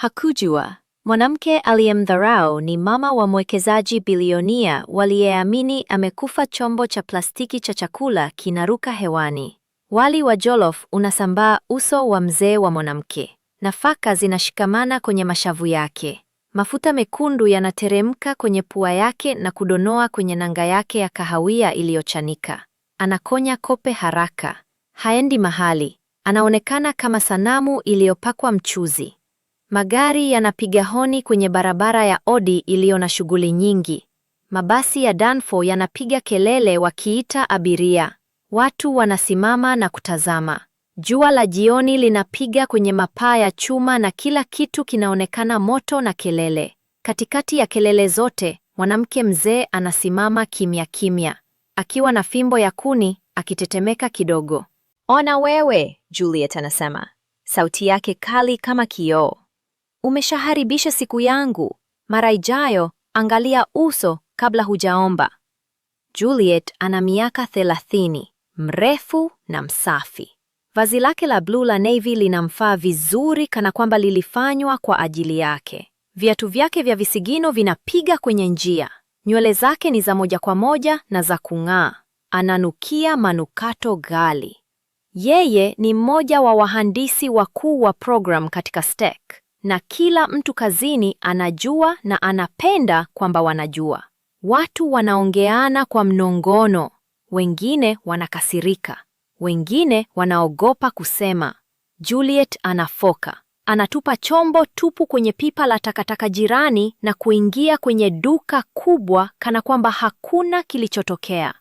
Hakujua mwanamke aliyemdharau ni mama wa mwekezaji bilionia waliyeamini amekufa chombo cha plastiki cha chakula kinaruka hewani. Wali wa jolof unasambaa uso wa mzee wa mwanamke, nafaka zinashikamana kwenye mashavu yake, mafuta mekundu yanateremka kwenye pua yake na kudonoa kwenye nanga yake ya kahawia iliyochanika. Anakonya kope haraka, haendi mahali, anaonekana kama sanamu iliyopakwa mchuzi. Magari yanapiga honi kwenye barabara ya Odi iliyo na shughuli nyingi. Mabasi ya Danfo yanapiga kelele wakiita abiria. Watu wanasimama na kutazama. Jua la jioni linapiga kwenye mapaa ya chuma na kila kitu kinaonekana moto na kelele. Katikati ya kelele zote, mwanamke mzee anasimama kimya kimya, akiwa na fimbo ya kuni akitetemeka kidogo. Ona wewe, Juliet anasema, sauti yake kali kama kioo. Umeshaharibisha siku yangu. Mara ijayo angalia uso kabla hujaomba. Juliet ana miaka thelathini, mrefu na msafi. Vazi lake la bluu la navy linamfaa vizuri kana kwamba lilifanywa kwa ajili yake. Viatu vyake vya visigino vinapiga kwenye njia. Nywele zake ni za moja kwa moja na za kung'aa. Ananukia manukato ghali. Yeye ni mmoja wa wahandisi wakuu wa program katika STEC na kila mtu kazini anajua na anapenda kwamba wanajua. Watu wanaongeana kwa mnongono, wengine wanakasirika, wengine wanaogopa kusema. Juliet anafoka, anatupa chombo tupu kwenye pipa la takataka jirani na kuingia kwenye duka kubwa kana kwamba hakuna kilichotokea.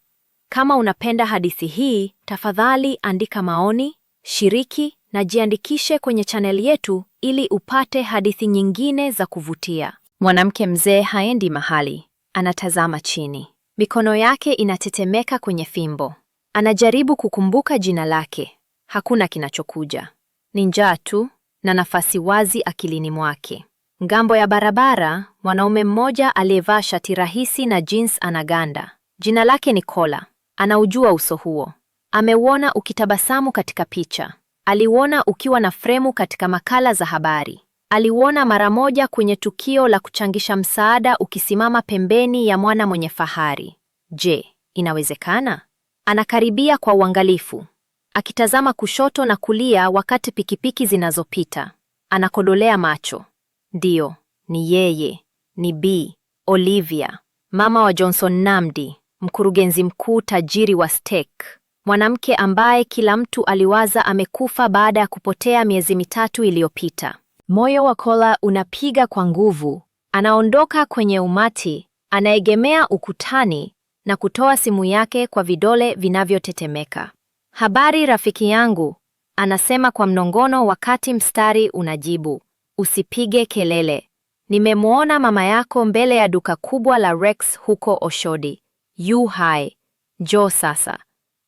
Kama unapenda hadithi hii, tafadhali andika maoni, shiriki na jiandikishe kwenye chaneli yetu ili upate hadithi nyingine za kuvutia. Mwanamke mzee haendi mahali, anatazama chini. Mikono yake inatetemeka kwenye fimbo. Anajaribu kukumbuka jina lake. Hakuna kinachokuja. Ni njaa tu na nafasi wazi akilini mwake. Ngambo ya barabara, mwanaume mmoja aliyevaa shati rahisi na jeans anaganda. Jina lake ni Kola. Anaujua uso huo. Ameuona ukitabasamu katika picha aliuona ukiwa na fremu katika makala za habari. Aliuona mara moja kwenye tukio la kuchangisha msaada ukisimama pembeni ya mwana mwenye fahari. Je, inawezekana? Anakaribia kwa uangalifu, akitazama kushoto na kulia wakati pikipiki zinazopita. Anakodolea macho. Ndiyo, ni yeye, ni Bi Olivia, mama wa Johnson Namdi, mkurugenzi mkuu tajiri wa Stek mwanamke ambaye kila mtu aliwaza amekufa baada ya kupotea miezi mitatu iliyopita. Moyo wa Kola unapiga kwa nguvu. Anaondoka kwenye umati, anaegemea ukutani na kutoa simu yake kwa vidole vinavyotetemeka. Habari rafiki yangu, anasema kwa mnongono wakati mstari unajibu. Usipige kelele. Nimemwona mama yako mbele ya duka kubwa la Rex huko Oshodi. Yu hai. Njoo sasa.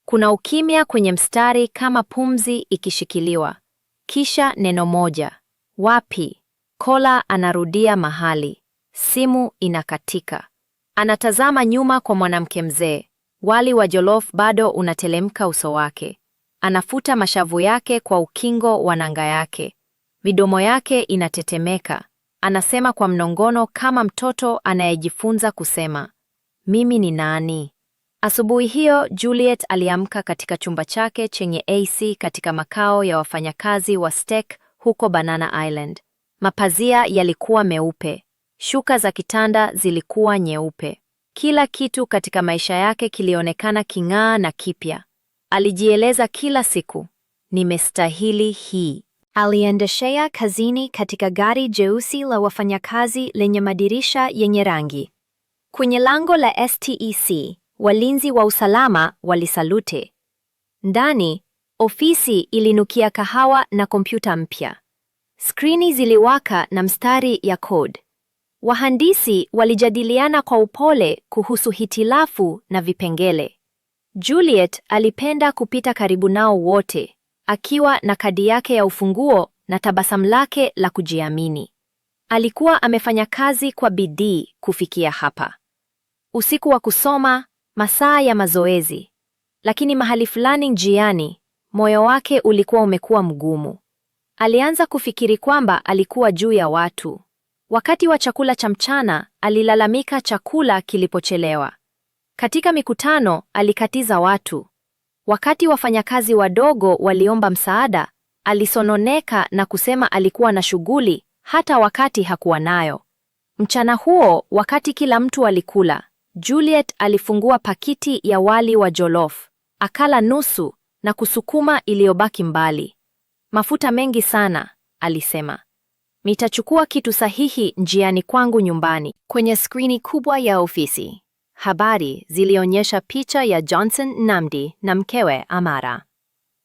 Kuna ukimya kwenye mstari kama pumzi ikishikiliwa. Kisha neno moja. Wapi? Kola anarudia mahali. Simu inakatika. Anatazama nyuma kwa mwanamke mzee. Wali wa jolof bado unatelemka uso wake. Anafuta mashavu yake kwa ukingo wa nanga yake. Midomo yake inatetemeka. Anasema kwa mnongono kama mtoto anayejifunza kusema. Mimi ni nani? Asubuhi hiyo Juliet aliamka katika chumba chake chenye AC katika makao ya wafanyakazi wa Stek huko Banana Island. Mapazia yalikuwa meupe, shuka za kitanda zilikuwa nyeupe. Kila kitu katika maisha yake kilionekana king'aa na kipya. Alijieleza kila siku, nimestahili hii. Aliendeshea kazini katika gari jeusi la wafanyakazi lenye madirisha yenye rangi. Kwenye lango la STEC walinzi wa usalama walisalute. Ndani, ofisi ilinukia kahawa na kompyuta mpya. Skrini ziliwaka na mstari ya code. Wahandisi walijadiliana kwa upole kuhusu hitilafu na vipengele. Juliet alipenda kupita karibu nao wote, akiwa na kadi yake ya ufunguo na tabasamu lake la kujiamini. Alikuwa amefanya kazi kwa bidii kufikia hapa. Usiku wa kusoma, masaa ya mazoezi, lakini mahali fulani njiani moyo wake ulikuwa umekuwa mgumu. Alianza kufikiri kwamba alikuwa juu ya watu. Wakati wa chakula cha mchana alilalamika chakula kilipochelewa. Katika mikutano alikatiza watu. Wakati wafanyakazi wadogo waliomba msaada, alisononeka na kusema alikuwa na shughuli hata wakati hakuwa nayo. Mchana huo, wakati kila mtu alikula, Juliet alifungua pakiti ya wali wa jolof, akala nusu na kusukuma iliyobaki mbali. Mafuta mengi sana, alisema. Nitachukua kitu sahihi njiani kwangu nyumbani. Kwenye skrini kubwa ya ofisi, habari zilionyesha picha ya Johnson Namdi na mkewe Amara.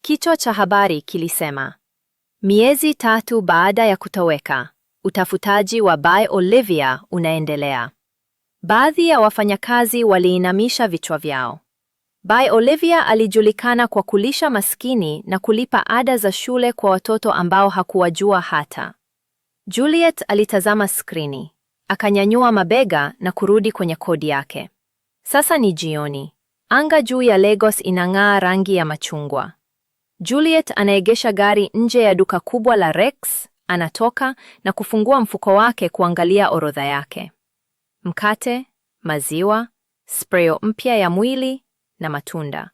Kichwa cha habari kilisema, miezi tatu baada ya kutoweka, utafutaji wa Bi Olivia unaendelea. Baadhi ya wafanyakazi waliinamisha vichwa vyao. Bi Olivia alijulikana kwa kulisha maskini na kulipa ada za shule kwa watoto ambao hakuwajua hata. Juliet alitazama skrini, akanyanyua mabega na kurudi kwenye kodi yake. Sasa ni jioni. Anga juu ya Lagos inang'aa rangi ya machungwa. Juliet anaegesha gari nje ya duka kubwa la Rex, anatoka na kufungua mfuko wake kuangalia orodha yake mkate, maziwa, spreo mpya ya mwili na matunda.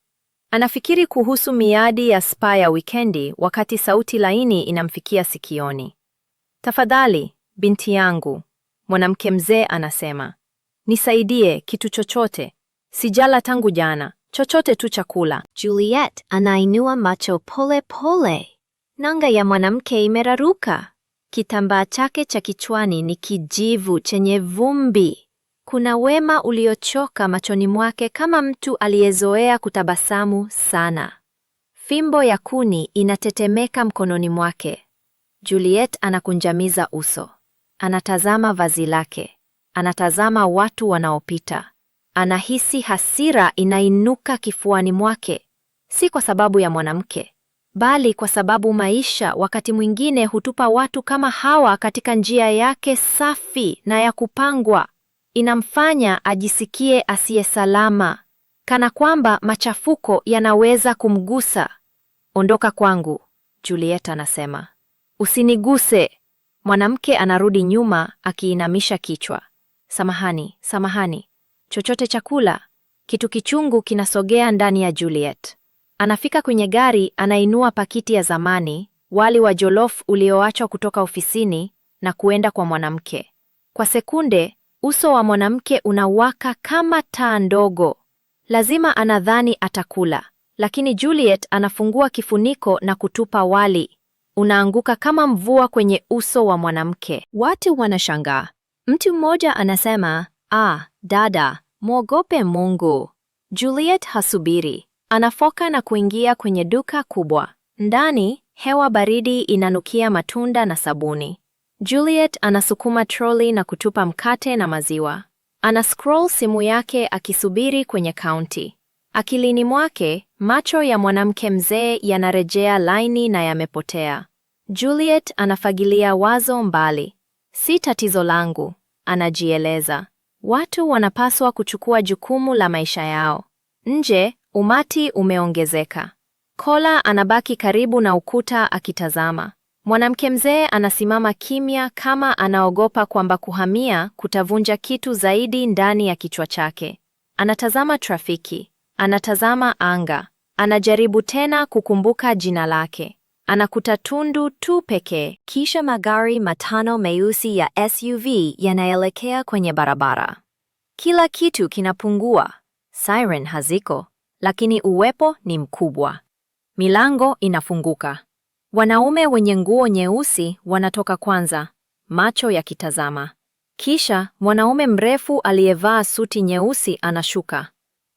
Anafikiri kuhusu miadi ya spa ya wikendi wakati sauti laini inamfikia sikioni. Tafadhali, binti yangu, mwanamke mzee anasema. Nisaidie kitu chochote. Sijala tangu jana. Chochote tu chakula. Juliet anainua macho pole pole. Nanga ya mwanamke imeraruka. Kitambaa chake cha kichwani ni kijivu chenye vumbi. Kuna wema uliochoka machoni mwake kama mtu aliyezoea kutabasamu sana. Fimbo ya kuni inatetemeka mkononi mwake. Juliet anakunjamiza uso. Anatazama vazi lake. Anatazama watu wanaopita. Anahisi hasira inainuka kifuani mwake, si kwa sababu ya mwanamke, bali kwa sababu maisha wakati mwingine hutupa watu kama hawa katika njia yake safi na ya kupangwa. Inamfanya ajisikie asiye salama, kana kwamba machafuko yanaweza kumgusa. Ondoka kwangu, Juliet anasema. Usiniguse. Mwanamke anarudi nyuma akiinamisha kichwa. Samahani, samahani. Chochote chakula? Kitu kichungu kinasogea ndani ya Juliet. Anafika kwenye gari, anainua pakiti ya zamani, wali wa jolof ulioachwa kutoka ofisini na kuenda kwa mwanamke. Kwa sekunde, uso wa mwanamke unawaka kama taa ndogo. Lazima anadhani atakula, lakini Juliet anafungua kifuniko na kutupa wali. Unaanguka kama mvua kwenye uso wa mwanamke. Watu wanashangaa. Mtu mmoja anasema, "Ah, dada, mwogope Mungu." Juliet hasubiri. Anafoka na kuingia kwenye duka kubwa. Ndani hewa baridi inanukia matunda na sabuni. Juliet anasukuma troli na kutupa mkate na maziwa. Ana scroll simu yake akisubiri kwenye kaunti. Akilini mwake macho ya mwanamke mzee yanarejea laini na yamepotea. Juliet anafagilia wazo mbali. Si tatizo langu, anajieleza. Watu wanapaswa kuchukua jukumu la maisha yao. Nje Umati umeongezeka. Kola anabaki karibu na ukuta akitazama. Mwanamke mzee anasimama kimya kama anaogopa kwamba kuhamia kutavunja kitu zaidi ndani ya kichwa chake. Anatazama trafiki, anatazama anga, anajaribu tena kukumbuka jina lake. Anakuta tundu tu pekee, kisha magari matano meusi ya SUV yanaelekea kwenye barabara. Kila kitu kinapungua, siren haziko, lakini uwepo ni mkubwa. Milango inafunguka. Wanaume wenye nguo nyeusi wanatoka kwanza, macho yakitazama. Kisha mwanaume mrefu aliyevaa suti nyeusi anashuka,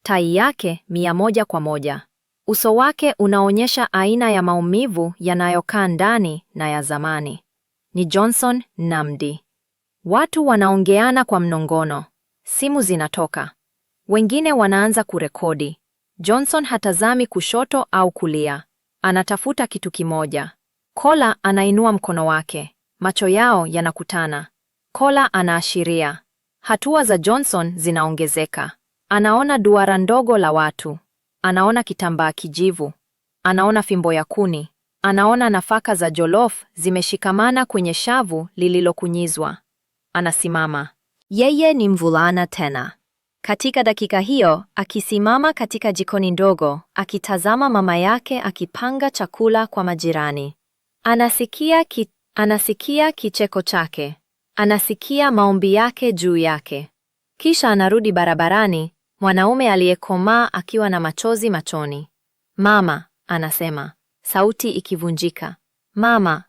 tai yake mia moja kwa moja. Uso wake unaonyesha aina ya maumivu yanayokaa ndani na ya zamani. Ni Johnson Namdi. Watu wanaongeana kwa mnongono, simu zinatoka, wengine wanaanza kurekodi. Johnson hatazami kushoto au kulia, anatafuta kitu kimoja. Kola anainua mkono wake, macho yao yanakutana. Kola anaashiria. Hatua za Johnson zinaongezeka. Anaona duara ndogo la watu, anaona kitambaa kijivu, anaona fimbo ya kuni, anaona nafaka za jolof zimeshikamana kwenye shavu lililokunyizwa. Anasimama. Yeye ni mvulana tena. Katika dakika hiyo akisimama katika jikoni ndogo akitazama mama yake akipanga chakula kwa majirani. Anasikia, ki, anasikia kicheko chake, anasikia maombi yake juu yake. Kisha anarudi barabarani, mwanaume aliyekomaa akiwa na machozi machoni. Mama, anasema, sauti ikivunjika. Mama.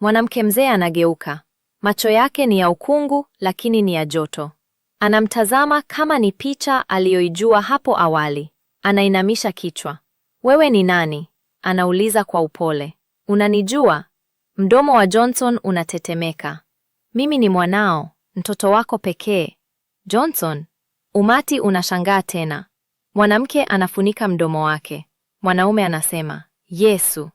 Mwanamke mzee anageuka, macho yake ni ya ukungu, lakini ni ya joto. Anamtazama kama ni picha aliyoijua hapo awali. Anainamisha kichwa. Wewe ni nani? Anauliza kwa upole. Unanijua? Mdomo wa Johnson unatetemeka. Mimi ni mwanao, mtoto wako pekee. Johnson. Umati unashangaa tena. Mwanamke anafunika mdomo wake. Mwanaume anasema, Yesu.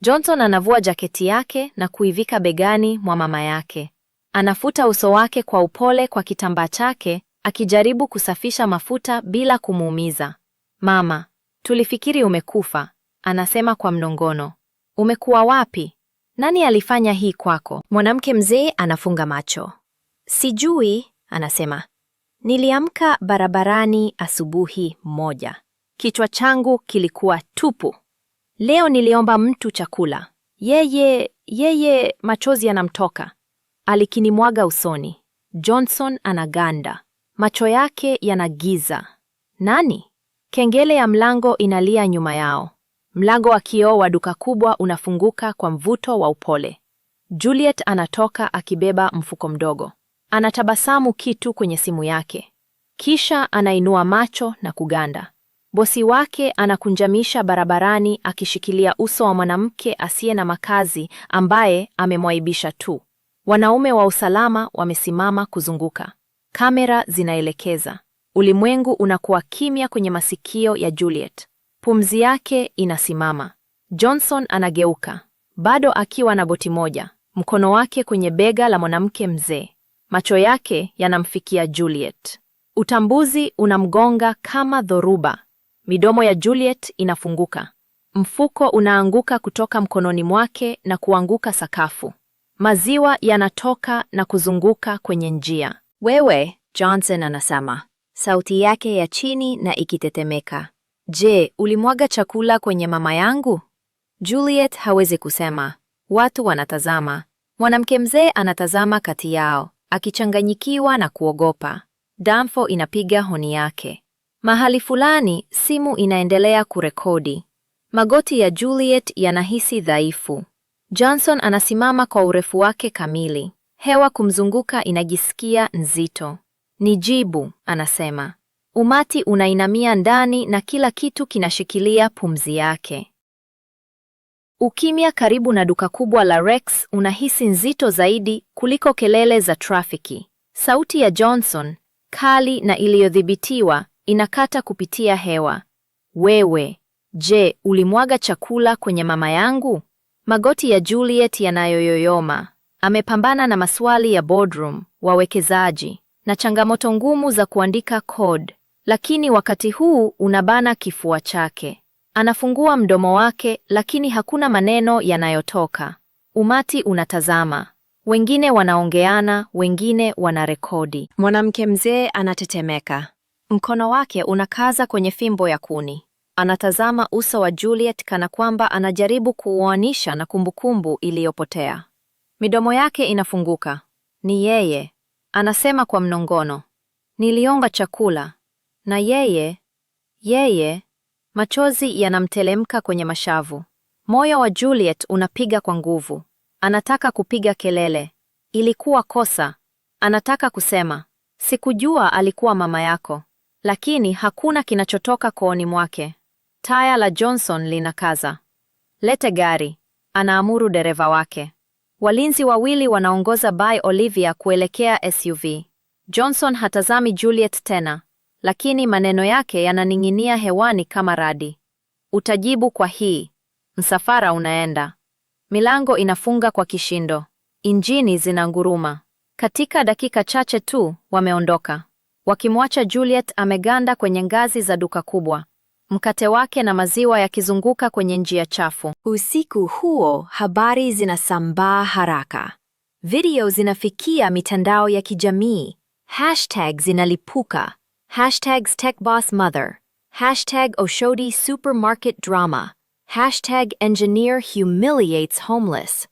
Johnson anavua jaketi yake na kuivika begani mwa mama yake. Anafuta uso wake kwa upole kwa kitambaa chake, akijaribu kusafisha mafuta bila kumuumiza. Mama, tulifikiri umekufa, anasema kwa mnongono. Umekuwa wapi? Nani alifanya hii kwako? Mwanamke mzee anafunga macho. Sijui, anasema. Niliamka barabarani asubuhi moja. Kichwa changu kilikuwa tupu. Leo niliomba mtu chakula. Yeye, yeye machozi yanamtoka. Alikinimwaga usoni. Johnson anaganda, macho yake yana giza. Nani? Kengele ya mlango inalia nyuma yao. Mlango wa kioo wa duka kubwa unafunguka kwa mvuto wa upole. Juliet anatoka akibeba mfuko mdogo. Anatabasamu kitu kwenye simu yake, kisha anainua macho na kuganda. Bosi wake anakunjamisha barabarani akishikilia uso wa mwanamke asiye na makazi ambaye amemwaibisha tu. Wanaume wa usalama wamesimama kuzunguka, kamera zinaelekeza. Ulimwengu unakuwa kimya kwenye masikio ya Juliet. Pumzi yake inasimama. Johnson anageuka, bado akiwa na goti moja, mkono wake kwenye bega la mwanamke mzee. Macho yake yanamfikia Juliet. Utambuzi unamgonga kama dhoruba. Midomo ya Juliet inafunguka. Mfuko unaanguka kutoka mkononi mwake na kuanguka sakafu. Maziwa yanatoka na kuzunguka kwenye njia. Wewe, Johnson anasema, sauti yake ya chini na ikitetemeka. Je, ulimwaga chakula kwenye mama yangu? Juliet hawezi kusema. Watu wanatazama. Mwanamke mzee anatazama kati yao, akichanganyikiwa na kuogopa. Damfo inapiga honi yake. Mahali fulani, simu inaendelea kurekodi. Magoti ya Juliet yanahisi dhaifu. Johnson anasimama kwa urefu wake kamili. Hewa kumzunguka inajisikia nzito. Ni jibu, anasema. Umati unainamia ndani na kila kitu kinashikilia pumzi yake. Ukimya karibu na duka kubwa la Rex unahisi nzito zaidi kuliko kelele za trafiki. Sauti ya Johnson, kali na iliyodhibitiwa, inakata kupitia hewa. Wewe, je, ulimwaga chakula kwenye mama yangu? Magoti ya Juliet yanayoyoyoma. Amepambana na maswali ya boardroom, wawekezaji na changamoto ngumu za kuandika code, lakini wakati huu unabana kifua chake. Anafungua mdomo wake, lakini hakuna maneno yanayotoka. Umati unatazama, wengine wanaongeana, wengine wanarekodi. Mwanamke mzee anatetemeka, mkono wake unakaza kwenye fimbo ya kuni. Anatazama uso wa Juliet kana kwamba anajaribu kuuanisha na kumbukumbu iliyopotea. Midomo yake inafunguka. Ni yeye, anasema kwa mnongono. Nilionga chakula na yeye, yeye. Machozi yanamtelemka kwenye mashavu. Moyo wa Juliet unapiga kwa nguvu. Anataka kupiga kelele. Ilikuwa kosa. Anataka kusema, sikujua alikuwa mama yako, lakini hakuna kinachotoka kooni mwake. Taya la Johnson linakaza. Lete gari, anaamuru dereva wake. Walinzi wawili wanaongoza by Olivia kuelekea SUV. Johnson hatazami Juliet tena, lakini maneno yake yananing'inia hewani kama radi. Utajibu kwa hii. Msafara unaenda. Milango inafunga kwa kishindo. Injini zinanguruma. Katika dakika chache tu wameondoka, wakimwacha Juliet ameganda kwenye ngazi za duka kubwa mkate wake na maziwa yakizunguka kwenye njia chafu. Usiku huo habari zinasambaa haraka, video zinafikia mitandao ya kijamii, hashtag zinalipuka, hashtags techboss mother, hashtag Oshodi supermarket drama, hashtag engineer humiliates homeless.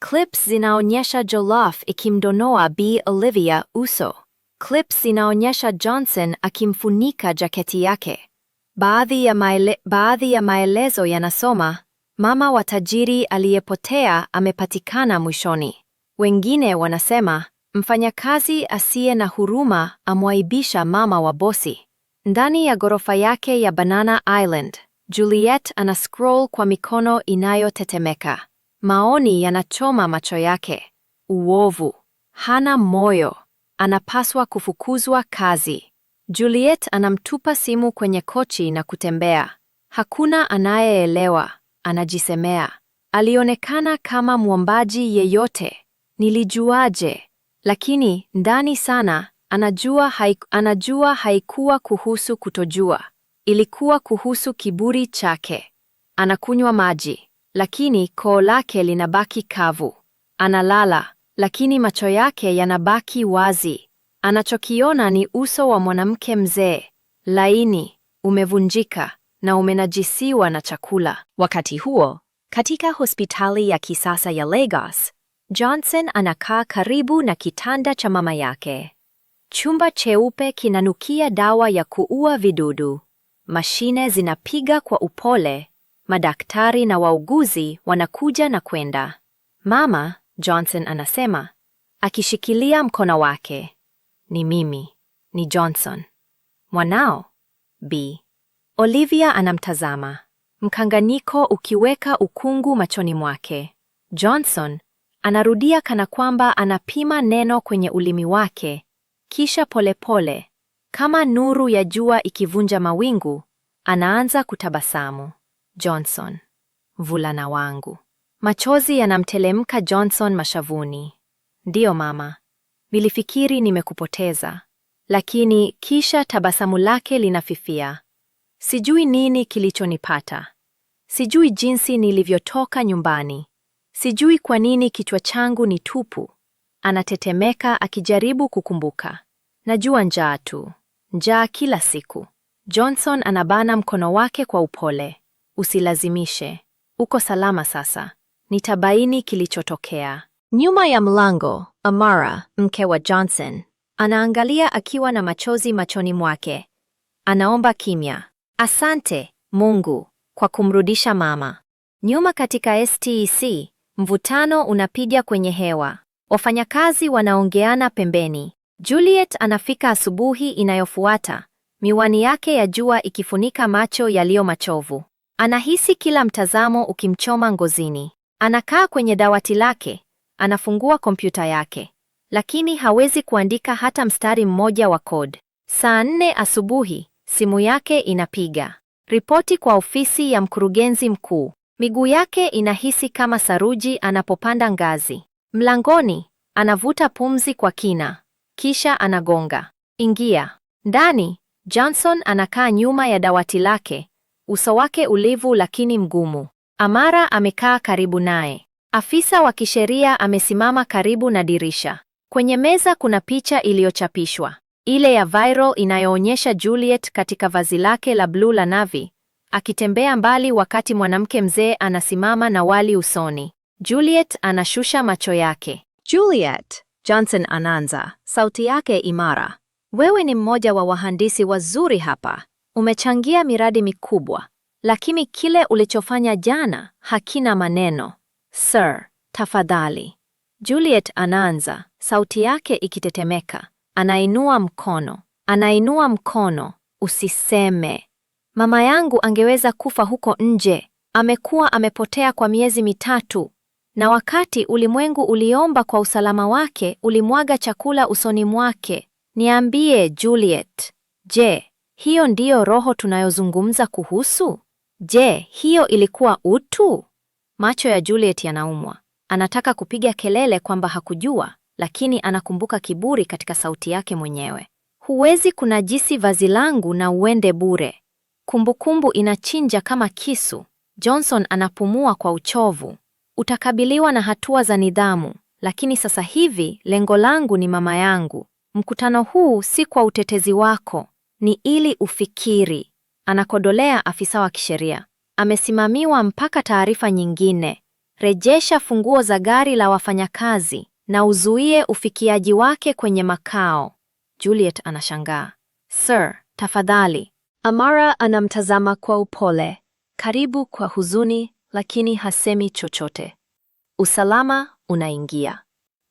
Clips zinaonyesha Jolof ikimdonoa Bi Olivia uso. Clips zinaonyesha Johnson akimfunika jaketi yake. Baadhi ya, maele, baadhi ya maelezo yanasoma mama wa tajiri aliyepotea amepatikana mwishoni. Wengine wanasema mfanyakazi asiye na huruma amwaibisha mama wa bosi. Ndani ya ghorofa yake ya Banana Island, Juliet ana scroll kwa mikono inayotetemeka. Maoni yanachoma macho yake: uovu, hana moyo, anapaswa kufukuzwa kazi. Juliet anamtupa simu kwenye kochi na kutembea. Hakuna anayeelewa, anajisemea. Alionekana kama mwombaji yeyote. Nilijuaje? Lakini ndani sana anajua haiku, anajua haikuwa kuhusu kutojua. Ilikuwa kuhusu kiburi chake. Anakunywa maji, lakini koo lake linabaki kavu. Analala, lakini macho yake yanabaki wazi. Anachokiona ni uso wa mwanamke mzee, laini, umevunjika na umenajisiwa na chakula. Wakati huo, katika hospitali ya kisasa ya Lagos, Johnson anakaa karibu na kitanda cha mama yake. Chumba cheupe kinanukia dawa ya kuua vidudu. Mashine zinapiga kwa upole, madaktari na wauguzi wanakuja na kwenda. Mama, Johnson anasema, akishikilia mkono wake ni mimi, ni Johnson. Mwanao B. Olivia anamtazama, mkanganyiko ukiweka ukungu machoni mwake. Johnson anarudia kana kwamba anapima neno kwenye ulimi wake, kisha polepole pole, kama nuru ya jua ikivunja mawingu, anaanza kutabasamu. Johnson, mvulana wangu. Machozi yanamtelemka Johnson mashavuni. Ndiyo mama, Nilifikiri nimekupoteza, lakini kisha tabasamu lake linafifia. Sijui nini kilichonipata. Sijui jinsi nilivyotoka nyumbani. Sijui kwa nini kichwa changu ni tupu. Anatetemeka akijaribu kukumbuka. Najua njaa tu. Njaa kila siku. Johnson anabana mkono wake kwa upole. Usilazimishe. Uko salama sasa. Nitabaini kilichotokea. Nyuma ya mlango, Amara, mke wa Johnson, anaangalia akiwa na machozi machoni mwake. Anaomba kimya. Asante, Mungu, kwa kumrudisha mama. Nyuma katika STEC, mvutano unapiga kwenye hewa. Wafanyakazi wanaongeana pembeni. Juliet anafika asubuhi inayofuata, miwani yake ya jua ikifunika macho yaliyo machovu. Anahisi kila mtazamo ukimchoma ngozini. Anakaa kwenye dawati lake, Anafungua kompyuta yake, lakini hawezi kuandika hata mstari mmoja wa code. Saa nne asubuhi, simu yake inapiga. Ripoti kwa ofisi ya mkurugenzi mkuu. Miguu yake inahisi kama saruji anapopanda ngazi. Mlangoni, anavuta pumzi kwa kina, kisha anagonga. Ingia. Ndani, Johnson anakaa nyuma ya dawati lake, uso wake ulivu lakini mgumu. Amara amekaa karibu naye. Afisa wa kisheria amesimama karibu na dirisha. Kwenye meza kuna picha iliyochapishwa, ile ya viral inayoonyesha Juliet katika vazi lake la bluu la navy, akitembea mbali wakati mwanamke mzee anasimama na wali usoni. Juliet anashusha macho yake. Juliet, Johnson anaanza, sauti yake imara. Wewe ni mmoja wa wahandisi wazuri hapa. Umechangia miradi mikubwa, lakini kile ulichofanya jana hakina maneno. Sir, tafadhali. Juliet anaanza, sauti yake ikitetemeka. Anainua mkono, anainua mkono. Usiseme. Mama yangu angeweza kufa huko nje. Amekuwa amepotea kwa miezi mitatu, na wakati ulimwengu uliomba kwa usalama wake, ulimwaga chakula usoni mwake. Niambie Juliet, je, hiyo ndiyo roho tunayozungumza kuhusu? Je, hiyo ilikuwa utu? Macho ya Juliet yanaumwa. Anataka kupiga kelele kwamba hakujua, lakini anakumbuka kiburi katika sauti yake mwenyewe. Huwezi kunajisi vazi langu na uende bure. Kumbukumbu inachinja kama kisu. Johnson anapumua kwa uchovu. Utakabiliwa na hatua za nidhamu, lakini sasa hivi lengo langu ni mama yangu. Mkutano huu si kwa utetezi wako, ni ili ufikiri. Anakodolea afisa wa kisheria amesimamiwa mpaka taarifa nyingine. Rejesha funguo za gari la wafanyakazi na uzuie ufikiaji wake kwenye makao. Juliet anashangaa. Sir, tafadhali. Amara anamtazama kwa upole, karibu kwa huzuni, lakini hasemi chochote. Usalama unaingia.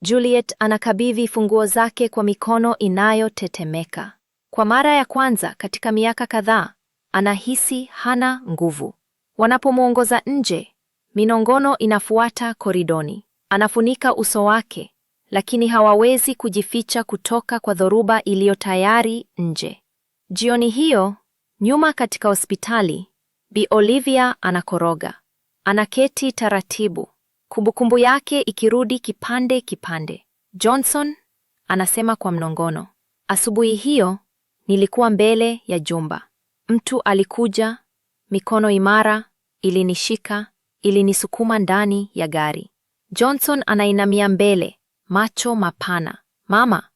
Juliet anakabidhi funguo zake kwa mikono inayotetemeka. Kwa mara ya kwanza katika miaka kadhaa, anahisi hana nguvu. Wanapomwongoza nje, minongono inafuata koridoni. Anafunika uso wake, lakini hawawezi kujificha kutoka kwa dhoruba iliyo tayari nje. Jioni hiyo, nyuma katika hospitali, Bi Olivia anakoroga. Anaketi taratibu, kumbukumbu yake ikirudi kipande kipande. Johnson anasema kwa mnongono, asubuhi hiyo nilikuwa mbele ya jumba. Mtu alikuja, mikono imara, ilinishika, ilinisukuma ndani ya gari. Johnson anainamia mbele, macho mapana. Mama,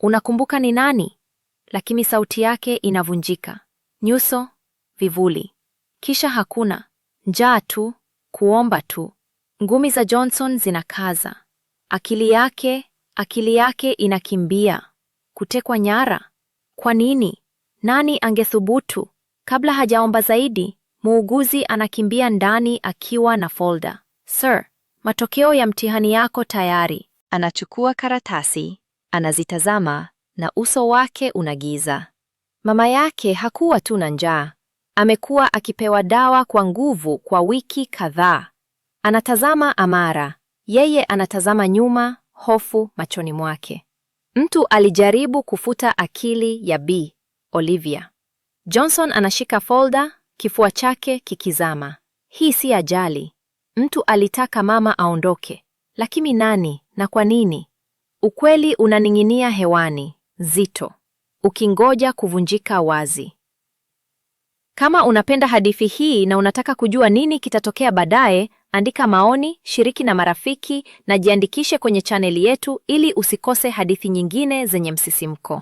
unakumbuka ni nani? Lakini sauti yake inavunjika, nyuso vivuli, kisha hakuna, njaa tu, kuomba tu. Ngumi za Johnson zinakaza, akili yake, akili yake inakimbia. Kutekwa nyara? Kwa nini? Nani angethubutu? Kabla hajaomba zaidi, Muuguzi anakimbia ndani akiwa na folda. Sir, matokeo ya mtihani yako tayari. Anachukua karatasi, anazitazama na uso wake unagiza. Mama yake hakuwa tu na njaa, amekuwa akipewa dawa kwa nguvu kwa wiki kadhaa. Anatazama Amara, yeye anatazama nyuma, hofu machoni mwake. Mtu alijaribu kufuta akili ya Bi Olivia. Johnson anashika folda kifua chake kikizama. Hii si ajali. Mtu alitaka mama aondoke, lakini nani na kwa nini? Ukweli unaning'inia hewani zito, ukingoja kuvunjika wazi. Kama unapenda hadithi hii na unataka kujua nini kitatokea baadaye, andika maoni, shiriki na marafiki na jiandikishe kwenye chaneli yetu ili usikose hadithi nyingine zenye msisimko.